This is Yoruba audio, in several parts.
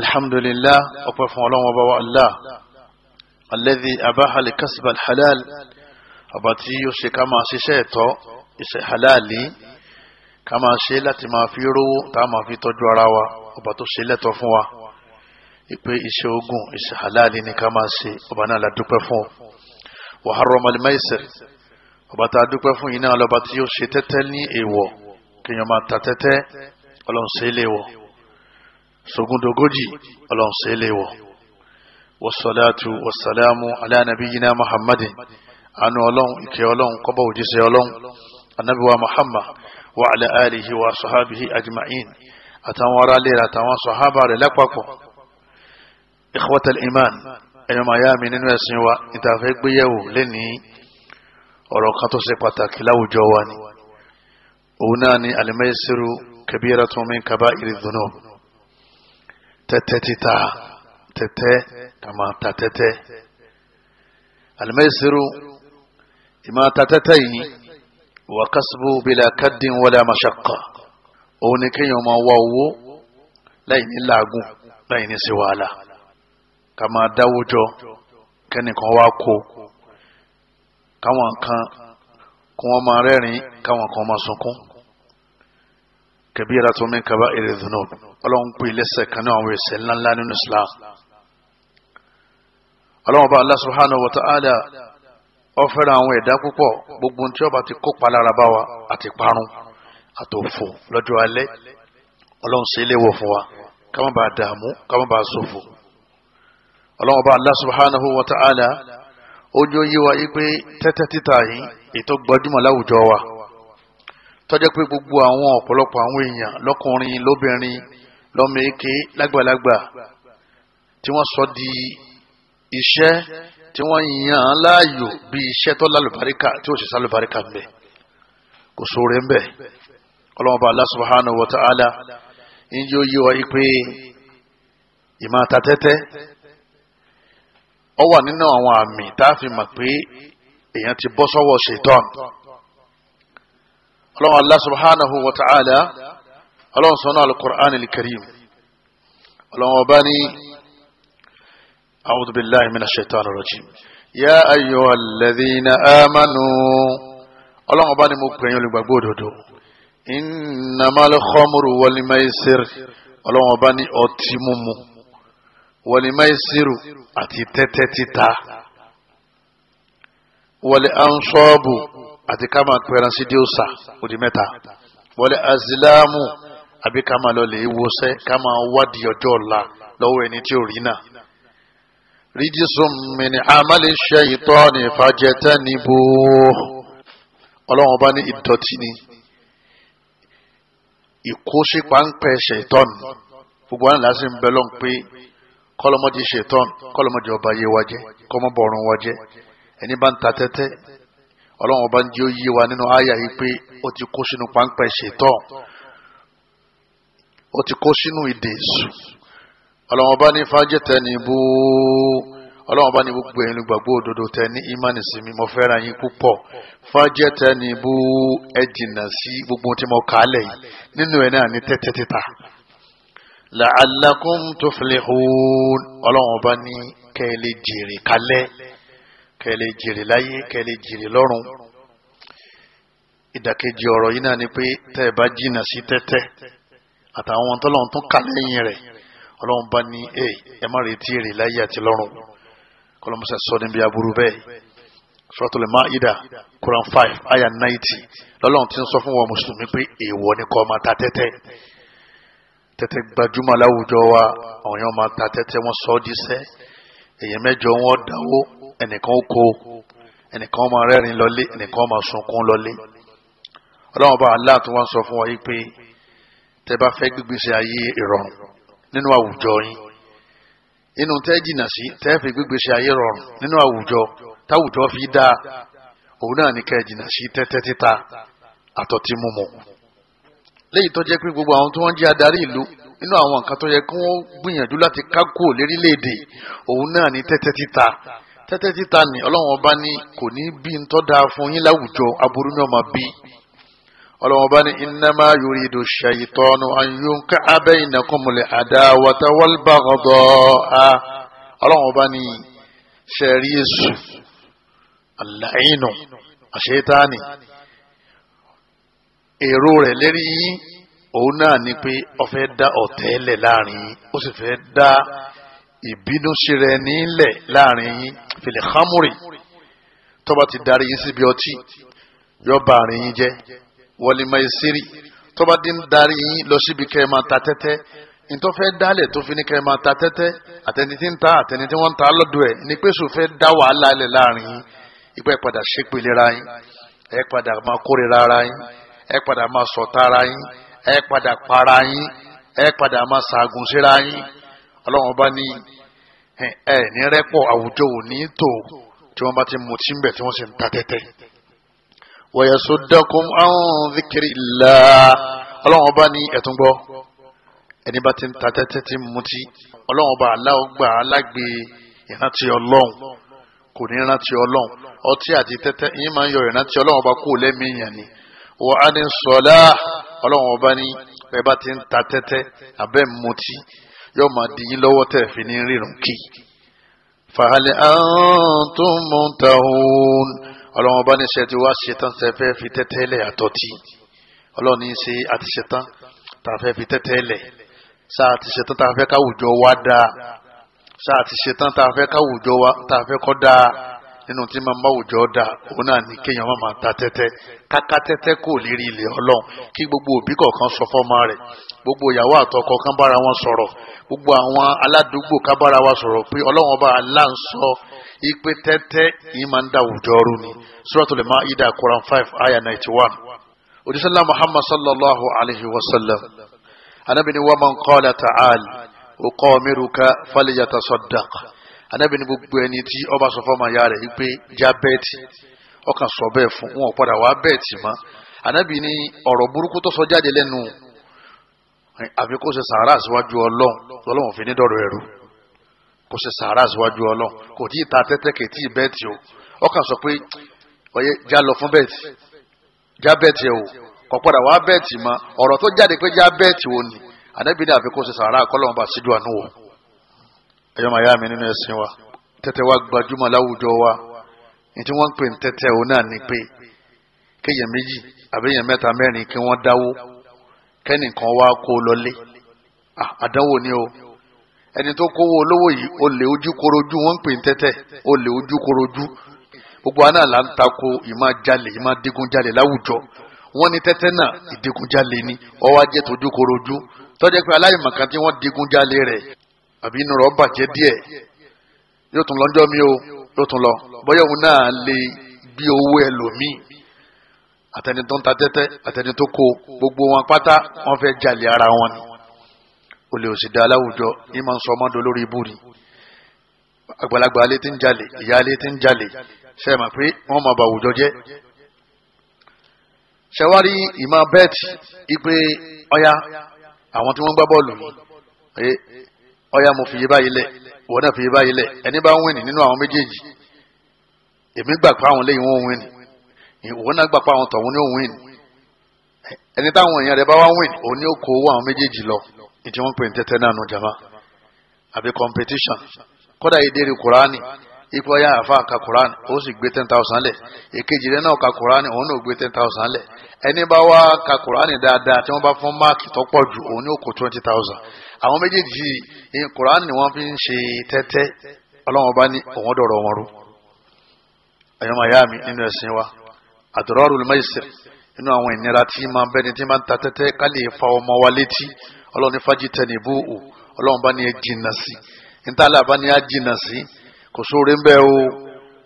alhamdulillah ọpẹ́ fún ọlọ́run ọba wa allah alladhi abaha al-kasb al-halal ọba tí ó ṣe ká máa ṣiṣẹ́ ẹ̀tọ́ iṣẹ́ halali ká máa ṣe láti máa fi rówó tá a máa fi tọ́jú ara wa ọba tó ṣe lẹ́tọ̀ fún wa ipe iṣẹ́ ogun iṣẹ́ halali ni ká máa ṣe ọba náà la dúpẹ́ fún wa harrama al-maisir ọba tá a dúpẹ́ fún yìí náà lọ́ba tí ó ṣe tẹ́tẹ́ ní èèwọ̀ kéèyàn sogundogójì ọlọ́run ṣe é léwọ̀ wasalaatu wasalaamu ala nabiyina muhammadin anu ọlọ́run ìkẹ́ ọlọ́run kọ́bọ̀ òjíṣẹ́ ọlọ́run anabiwa muhammad wa ala alihi wa sahabihi ajma'in àtàwọn ará lera àtàwọn sahaba rẹ̀ lápapọ̀ ikhwatal iman ẹ̀yọ́ mayami nínú ẹ̀sìn wa ìtàfẹ́ gbéyẹ̀wò lẹ́ni ọ̀rọ̀ kan tó ṣe pàtàkì láwùjọ wa ni òun náà ni alimẹ́sìrù kabira tó min kaba ìrìdùnú tẹ́tẹ́ títa tẹ́tẹ́ kàmá ta tẹ́tẹ́ alimẹ́sirú ìmá ta tẹ́tẹ́ yìí wà kásìbò bílà kádìn wọlé àmàṣàkà òun ni kéèyàn máa wá owó láì ní làágùn láì ní sí wàhálà kàmá dáwùjọ kẹ́nìkan wá kó káwọn kan kí wọ́n máa rẹ́rìn kan máa sunkún kabira tó min kaba èrè dùnú ọlọ́run pè lẹ́sẹ̀ kan náà àwọn ẹ̀ṣẹ̀ ńláńlá nínú islam ọlọ́run bá Allah subhanahu wa ta'ala ó fẹ́ràn àwọn ẹ̀dá púpọ̀ gbogbo tí ọba ti kópa lára bá wa àti parun àtòfò lọ́jọ́ alẹ́ ọlọ́run ṣe léwọ̀ fún wa ká má dààmú ká má bàa ọlọ́run bá Allah subhanahu wa ta'ala ojú yíwa yí pé tẹ́tẹ́ títà yìí ètò gbajúmọ̀ láwùjọ wa tọ́jọ́ pé gbogbo àwọn ọ̀pọ̀lọpọ̀ àwọn èèyàn lọ́kùnrin lóbìnrin lọ́mọ èké lágbàlagbà tí wọ́n sọ di iṣẹ́ tí wọ́n yàn án láàyò bí iṣẹ́ tó lálùbáríkà tí ó sì sálùbáríkà ń bẹ kò sóore ń bẹ ọlọ́mọba Allah subhanahu wa ta'ala ìjọ yí wa pé ìmọ̀ àtàtẹ́tẹ́ ọ wà nínú àwọn àmì tá a fi mọ̀ pé èèyàn ti bọ́ sọ́wọ́ ṣètọ́nù ọlọ́run allah subhanahu wa ta'ala ọlọ́run sọ́nà alukur'an alkarim ọlọ́run ọba ní a'udhu billahi minash shaitani rajim ya ayyuhal ladhina amanu ọlọ́run ọba ní mo pè yín olùgbàgbọ́ òdodo innamal khamru wal maisir ọlọ́run ọba ní ọtí mímu wal maisiru àti tẹ́tẹ́ títa wal ansabu àti ká máa pẹran sí díòsà ó mẹ́ta wọlé azilamu àbí ká máa lọ lè wọṣẹ́ ká máa wádìí ọjọ́ ọ̀la lọ́wọ́ ẹni tí ò rí náà rídísùn mìíní àmàlẹ ṣe ìtọ́ ní ìfàjẹtẹ́ níbo ọlọ́run bá ní ìdọ̀tí ni ìkóṣe páńpẹ́ ṣètọ́n gbogbo àwọn làásì ń bẹ lọ́n pé kọ́lọ́mọ́jì ṣètọ́n kọ́lọ́mọ́jì ọba yé wájẹ́ kọ́mọ́bọ̀rún wájẹ́ ẹni bá ń ta tẹ́tẹ́ ọlọ́run ọba ń jẹ́ oyé wa nínú àyà yìí pé ó ti kó sínú páńpẹ́ ṣètọ́ ó ti kó sínú ìdè èṣù ọlọ́run ọba ní fájẹ́ tẹ́ni bó ọlọ́run ọba ní gbogbo ẹ̀yin olùgbàgbọ́ òdodo tẹ́ni ìmánì sí mi mo fẹ́ràn yín púpọ̀ fájẹ́ tẹ́ni bó ẹ jìnnà sí gbogbo tí mo kà á lẹ̀ yìí nínú ẹ̀ náà ní tẹ́tẹ́ títa la'allakum tuflihun ọlọ́run ọba ní kẹ́ ẹ lè jèrè kalẹ́ kẹlẹ jèrè láyé kẹlẹ jèrè lọ́run ìdàkejì ọ̀rọ̀ yìí náà ni pé tẹ́ ẹ bá jìnnà sí tẹ́tẹ́ àtàwọn tọ́lọ́run tún kà lẹ́yìn rẹ̀ ọlọ́run bá ní ẹ ẹ má retí èrè láyé àti lọ́run kọlọmọsẹ sọ níbi aburú bẹ́ẹ̀ suratul Maida Quran five aya ninety lọ́lọ́run ti ń sọ fún wọn mùsùlùmí pé èèwọ̀ ni kọ́ ọ máa ta tẹ́tẹ́ tẹ́tẹ́ gbajúmọ̀ láwùjọ wa àwọn èèyàn máa ta tẹ́tẹ́ wọ́n sọ ọ́ díṣẹ́ èèyàn mẹ́jọ wọn dáwó ẹnìkan kó ẹnìkan máa rẹ́rìn lọ́lé ẹnìkan máa sunkún lọ́lé ọlọ́run bá aláà tó wá ń sọ fún wa yìí pé tẹ bá fẹ́ gbígbèsè ayé ìrọ̀rùn nínú àwùjọ yín inú tẹ́ jìnnà sí tẹ́ fi gbígbèsè ayé rọrùn nínú àwùjọ táwùjọ fi dá òun náà ní kẹ́ jìnnà sí tẹ́tẹ́ títa àtọtí mímu léyìí tó jẹ́ pé gbogbo àwọn tó wọ́n jẹ́ adarí ìlú nínú àwọn nǹkan tó yẹ kí wọ́n gbìyànjú láti kákò lérílẹ̀‐èdè òun náà ní tẹ́tẹ́ títa tẹ́tẹ́ títa ni ọlọ́run ọba ní kò ní bí ń tọ́da fún yín láwùjọ aburú ní ọmọ bí ọlọ́run ọba ní innama yuridu shaytanu an yunki'a bainakumul adawata wal baghdha ọlọ́run ọba ní sẹ́rí èṣù aláìnù àṣetáni èrò rẹ̀ lérí yín òun náà ni pé ó fẹ́ dá ọ̀tẹ̀ lẹ̀ láàrin yín ó sì fẹ́ dá ìbínú ṣe rẹ nílẹ̀ láàrin yín fìlẹ̀ hamuri tọ́ba ti darí yín síbi ọtí yọ bá àrin yín jẹ́ wọlé máa ṣírí tọ́ba ti ń darí yín lọ síbi kẹ́ ẹ máa ta tẹ́tẹ́ ntọ́fẹ́ dálẹ̀ tó fi ní kẹ́ ẹ máa ta tẹ́tẹ́ àtẹni tí ń ta àtẹni tí wọ́n ń ta lọ́dọ̀ ẹ̀ ní pẹ́sù fẹ́ dá wàhálà lẹ̀ láàrin yín ìpẹ́ padà ṣépè lera yín ẹ padà máa kórìíra ara yín ẹ padà máa ṣọ̀tá ara yín ẹ padà para yín ẹ padà máa ṣàgùn síra yín ọlọ́run ọba ní ẹ ní rẹ́pọ̀ àwùjọ òní tó tí wọ́n bá ti mú tí ń bẹ̀ tí wọ́n sì ń ta tẹ́tẹ́. wa yasuddakum an dhikrillah ọlọ́run ọba ní ẹ̀tún gbọ́ ẹni bá ti ń ta tẹ́tẹ́ tí ń mutí ọlọ́run ọba aláwọ̀gbà alágbe ìrántí ọlọ́run kò ní ìrántí ọlọ́run ọtí àti tẹ́tẹ́ yín máa ń yọ ìrántí ọlọ́run ọba kó lẹ́mìí yàn ni wọ́n á ní sọ́lá ọlọ́run ọba ní ẹ bá ti ń ta tẹ́tẹ́ àbẹ́ mutí yóò máa di yín lọ́wọ́ tẹ̀ fi ní rírun kí. fahal antum muntahun ọlọ́run bá ní ṣe ti wá ṣetán tẹ fẹ́ fi tẹ́tẹ́ lẹ̀ àtọ́tí ọlọ́run ní ṣe àti ṣetán tá a fẹ́ fi tẹ́tẹ́ lẹ̀ sáà ṣetán tá a fẹ́ káwùjọ wa dáa sáà ti ṣetán tá a fẹ́ káwùjọ wa tá a fẹ́ kọ́ dáa nínú tí máa ń bá òjò ọ̀dà òun náà ní kéèyàn má máa ta tẹ́tẹ́ káká tẹ́tẹ́ kò lérí ilẹ̀ ọlọ́run kí gbogbo òbí kọ̀ọ̀kan sọ fọ́mọ rẹ̀ gbogbo ìyàwó àtọkọ kan bára wọn sọ̀rọ̀ gbogbo àwọn aládùúgbò kan bára wa sọ̀rọ̀ pé ọlọ́run ọba Allah ń sọ ipe tẹ́tẹ́ yìí máa ń da òjò ọrú ni Suratul Maida Quran five aya ninety one odisala Muhammad sallallahu alayhi wa sallam anabini wa man qala ta'ala uqamiruka falyatasaddaq anábì ní gbogbo ẹni tí ọba sọ fọmọ ya rẹ̀ wípé já bẹ́ẹ̀tì ọkàn sọ bẹ́ẹ̀ fún wọn ò padà wá bẹ́ẹ̀tì mọ́ anábì ní ọ̀rọ̀ burúkú tó sọ jáde lẹ́nu àfi kó ṣe sàárà síwájú ọlọ́run ọlọ́run fi ní dọ̀rọ̀ ẹ̀rú kò ṣe sàárà síwájú ọlọ́run kò tí ì ta tẹ́tẹ́ kè tí ì bẹ́ẹ̀tì o ọkàn sọ pé ọyẹ já lọ fún bẹ́ẹ̀tì já bẹ́ẹ̀tì o kò padà wá bẹ́ẹ̀tì mọ́ ọ̀rọ̀ tó jáde pé já bẹ́ẹ̀tì o ni anábì ní àfi kó ṣe sàárà kọ́lọ́run síjú àánú wọ̀ ẹ̀yọ́ màá yá mi nínú ẹ̀sìn wa tẹ́tẹ́ wa gbajúmọ̀ láwùjọ wa ní tí wọ́n ń pè ní tẹ́tẹ́ òun náà ni pé kéèyàn méjì àbí èèyàn mẹ́ta mẹ́rin kí wọ́n dáwó kẹ́nìkan wá kó lọlé àdánwò ni o ẹni tó kówó olówó yìí ó lè ojú korojú wọ́n ń pè ní tẹ́tẹ́ ó lè ojú korojú gbogbo àná là ń tako ìmá jalè ìmá digunjalè láwùjọ wọ́n ní tẹ́tẹ́ náà ìdigunjalè ni ọwọ́ ajẹ́ tójú korojú tọ́jú pé aláìmọ̀kan tí wọ́n digunjalè rẹ̀ àbí inú rẹ̀ bàjẹ́ díẹ̀ yóò tún lọ́jọ́ mi o yóò tún lọ bóyá òun náà lè bí owó ẹlòmíì àtẹni tó ń ta tẹ́tẹ́ àtẹni tó kó gbogbo wọn pátá wọn fẹ́ jalè ara wọn ni olè òsì dá aláwùjọ ní máa ń sọ ọmọdé olórí ibú ni àgbàlagbà alẹ́ tí ń jalè ìyá alẹ́ tí ń jalè sẹ́ẹ̀mà pé wọ́n máa bà àwùjọ jẹ́ ṣẹwárí ìmọ̀ bẹ́ẹ̀tì ipe ọya àwọn tí wọ́n gbá bọ́ọ̀lù yìí ọyá mo fi yé báyìí lẹ̀ ìwọ náà fi yé báyìí lẹ̀ ẹni bá ń wìn nínú àwọn méjèèjì èmi gbà pé àwọn lẹ́yìn wọn ò wìn ìwọ náà gbà pé àwọn tọ̀hún ni ò wìn ẹni táwọn èèyàn rẹ bá wá wìn òun ni ó kó owó àwọn méjèèjì lọ ìdí wọn pè ní tẹ́tẹ́ náà nù jama àbí competition kódà èdè rí ipò ọyá àfa ka Quran ó sì gbé ten thousand lẹ̀ èkejì rẹ̀ náà ka Quran òun náà gbé ten thousand lẹ̀ ẹni bá wá ka Quran dáadáa tí wọ́n bá fún máàkì tó pọ̀ jù òun ní kó twenty thousand àwọn méjèèjì yìí Quran ni wọ́n fi ń ṣe tẹ́tẹ́ ọlọ́wọ́n bá ní òun dọ̀rọ̀ wọn rú ẹ̀yọ́ máa yá mi nínú ẹ̀sìn wa àdúrọ́rù lẹ́mẹ̀sẹ̀ nínú àwọn ìnira tí máa bẹ́ni tí máa ń ta tẹ́tẹ́ ká lè fa ọmọ wa létí ọlọ́run ní fájì tẹ̀ níbú ò ọlọ́run bá ní ẹ jìnnà sí ní tààlà bá ní á jìnnà sí kò sóore ń bẹ o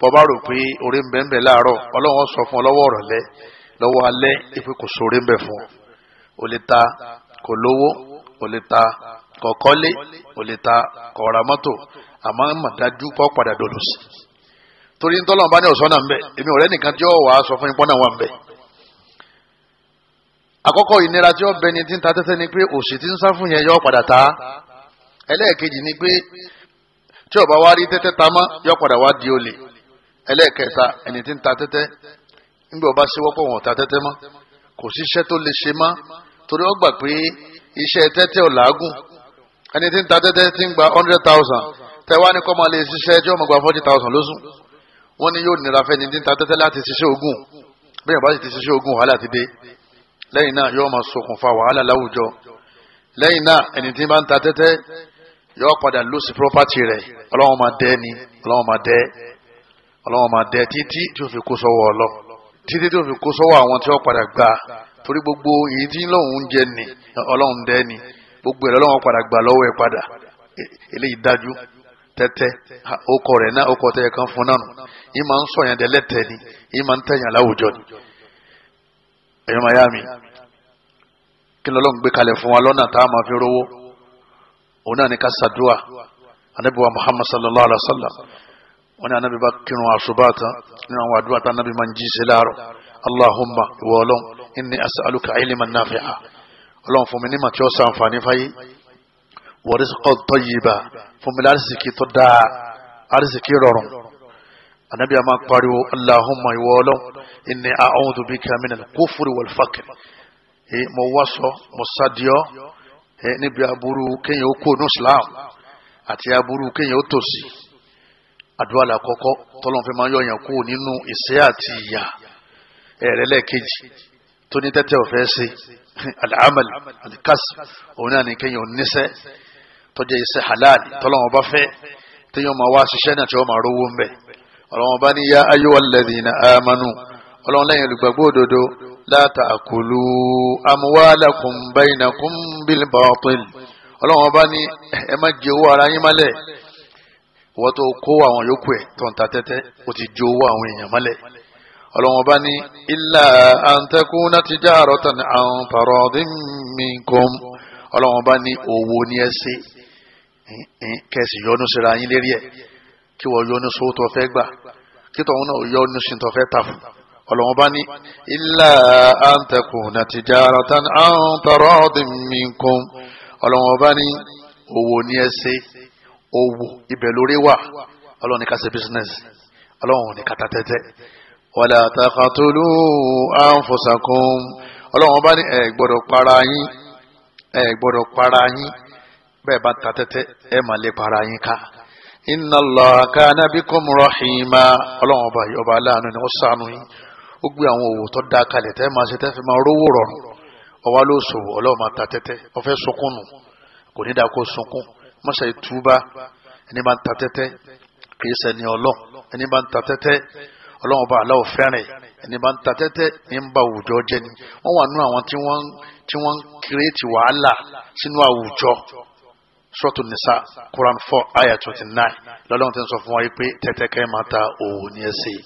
bọba rò pé oore ń bẹ ń bẹ láàárọ̀ Ọlọ́run sọ fún ọ ọrọlẹ lọ́wọ́ alẹ́ ìpè kò sóore ń bẹ fún o lè ta kò lówó o lè ta kò kọ́lé o lè ta kò ra mọ́tò àmọ́ màdájú kọ padà dọdọ sí torí ń tọ́lọ́mọba ní ọ̀sán náà ń bẹ èmi ọ̀rẹ́ nìkan tí ó wàá sọ fún ipọ́n náà wà ń bẹ àkọ́kọ́ ìnira tí ó bẹ ni tí ń ta tẹ́tẹ́ ni pé òsì tí ń sá fún yẹn yọ padà ta ẹlẹ́ẹ̀kejì ni pé tí ó bá wá rí tẹ́tẹ́ tamá yọ padà wá di olè ẹlẹ́ẹ̀kẹta ẹni tí ń ta tẹ́tẹ́ nígbà ó bá ṣe wọ́pọ̀ wọn ò ta tẹ́tẹ́ mọ́ kò síṣẹ́ tó lè ṣe mọ́ torí ó pé iṣẹ́ tẹ́tẹ́ ò làágùn ẹni tí ń ta tẹ́tẹ́ ti ń gba hundred thousand tẹ́wá ní kọ́ máa lè ṣiṣẹ́ ẹjọ́ ọmọ gba forty thousand lóṣù wọ́n ní yóò nira fẹ́ni tí ń ta tẹ́tẹ́ láti ṣiṣẹ́ ogun bẹ́ẹ̀ bá sì ti ṣiṣẹ́ ogun wàhálà ti dé lẹ́yìn náà yóò máa ṣokùnfà wàhálà láwùjọ lẹ́yìn náà ẹni tí bá ń ta tẹ́tẹ́ yọ padà lose property rẹ̀ ọlọ́wọ́n máa dẹ́ ni ọlọ́wọ́n máa dẹ́ ọlọ́wọ́n máa dẹ́ títí tí ó fi kó sọ́wọ́ ọlọ́ títí tí ó fi kó sọ́wọ́ àwọn tí wọ́n padà gbà torí gbogbo èyí tí lọ́hùn ń jẹ ni ọlọ́hùn dẹ́ ni gbogbo ẹ̀ lọ́wọ́n padà gbà lọ́wọ́ ẹ̀ padà eléyìí dájú tẹ́tẹ́ okọ rẹ̀ náà okọ tẹ́yẹ kan fún náà yìí máa ń sọ̀yàn dẹ́lẹ́tẹ̀ ni yìí máa ń tẹ̀yàn láwùjọ ni ẹ̀yọ́ màyá mi kí lọ́lọ́ gbé kalẹ̀ fún wa lọ́nà tá a máa fi rówó òun náà ní ká ṣàdúrà anabi wa muhammad sallallahu alaihi wa sallam wọn ní anabi bá kírun àṣùbà tán nínú àwọn àdúrà tá anabi máa ń jí sí láàárọ̀ allahumma ìwọ ọlọ́run inni as'aluka ilman nafi'a ọlọ́run fún mi ní màtí ọ̀sán àǹfààní fáyé wa rizqan tayyiba fún mi lárísìkì tó dáa àrísìkì rọrùn anabi àmà pariwo allahumma ìwọ ọlọ́run inni a'udhu bika minal kufri wal faqr níbi aburú kéèyàn ó kó ní islam àti aburú kéèyàn ó tòsí àdúrà làkọ́kọ́ tọ́lọ́n fẹ́ máa yọ̀yàn kó nínú ìṣẹ́ àti ìyà ẹ̀rẹ́ lẹ́ẹ̀kejì tó ní tẹ́tẹ́ ọ̀fẹ́ ṣe al-amal al-kasb òun náà ní kéèyàn ó níṣẹ́ tọ́jẹ́ iṣẹ́ halal tọ́lọ́n ọba fẹ́ téèyàn máa wá ṣiṣẹ́ náà tí wọ́n máa rówó ń bẹ̀ ọlọ́wọ́n ní yá ayyuhal ladhina amanu ọlọ́run lẹ́yìn olùgbàgbọ́ òdodo la ta'kulu amwalakum bílí bàwọ́pẹ́lì ọlọ́run ọba ní ẹ má jẹ owó ara yín mọ́lẹ̀ wọ́n tó kó àwọn yòókù ẹ̀ tó ń ta tẹ́tẹ́ ó ti jẹ owó àwọn èèyàn mọ́lẹ̀ ọlọ́run ọba ní illa an takuna tijaratan an faradin minkum ọlọ́run ọba ní owó ní ẹ ṣe kẹsì yọnu síra yín lérí ẹ kí wọ́n yọnu sówó tó gbà kí tọ̀hún náà yọnu sí tó tà fún ọlọ́wọ́n bá ní illa an takuna tijaratan an taradin minkum ọlọ́wọ́n bá ní owó ní ẹ ṣe owó ibẹ̀ lórí wà ọlọ́wọ́n ní ká ṣe bísínẹ́sì ọlọ́wọ́n ní ká ta tẹ́tẹ́ wala taqatulu anfusakum ọlọ́wọ́n bá ní ẹ gbọ́dọ̀ para yín ẹ gbọ́dọ̀ para yín bẹ́ẹ̀ bá ta tẹ́tẹ́ ẹ mà lè para yín ká inna Allaha kana bikum rahima ọlọ́wọ́n bá yọ aláàánú ni ó sànú yín ó gbé àwọn òwò tó da kalẹ̀ tẹ́ máa ṣe tẹ́ fi máa rówó rọrùn ọwá ló ṣòwò ọlọ́run máa ta tẹ́tẹ́ ọfẹ́ sunkún nù kò ní dáa kó sunkún mọ́ṣẹ́ ìtúbá ẹni máa ń ta tẹ́tẹ́ kì í ọlọ́run ẹni máa ń ta tẹ́tẹ́ ọlọ́run bá aláwọ̀ fẹ́rẹ̀ ẹni máa ń ta tẹ́tẹ́ ní ń ba àwùjọ jẹ́ ni wọ́n wà nú àwọn tí wọ́n tí wọ́n ń kírètì wàhálà sínú àwùjọ sọ́ọ̀tù nìsa Quran four ayah twenty nine lọ́lọ́run ti ń sọ fún wa yìí pé tẹ́tẹ́ kẹ́ máa ta òwò ní ẹ̀sìn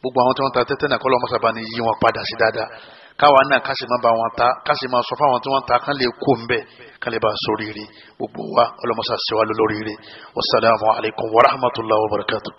gbogbo àwọn tí wọ́n ta tẹ́tẹ́ náà kọ́ lọ́mọ sábà ní yí wọn padà sí dáadáa káwa náà ká sì má ba wọn ta ká sì má sọ fáwọn tí wọ́n ta kán lè kó ń bẹ̀ kán lè bá sóríire gbogbo wa ọlọ́mọ sá sí wa lóríire wasalaamualeykum wa rahmatulahi wa barakatuh.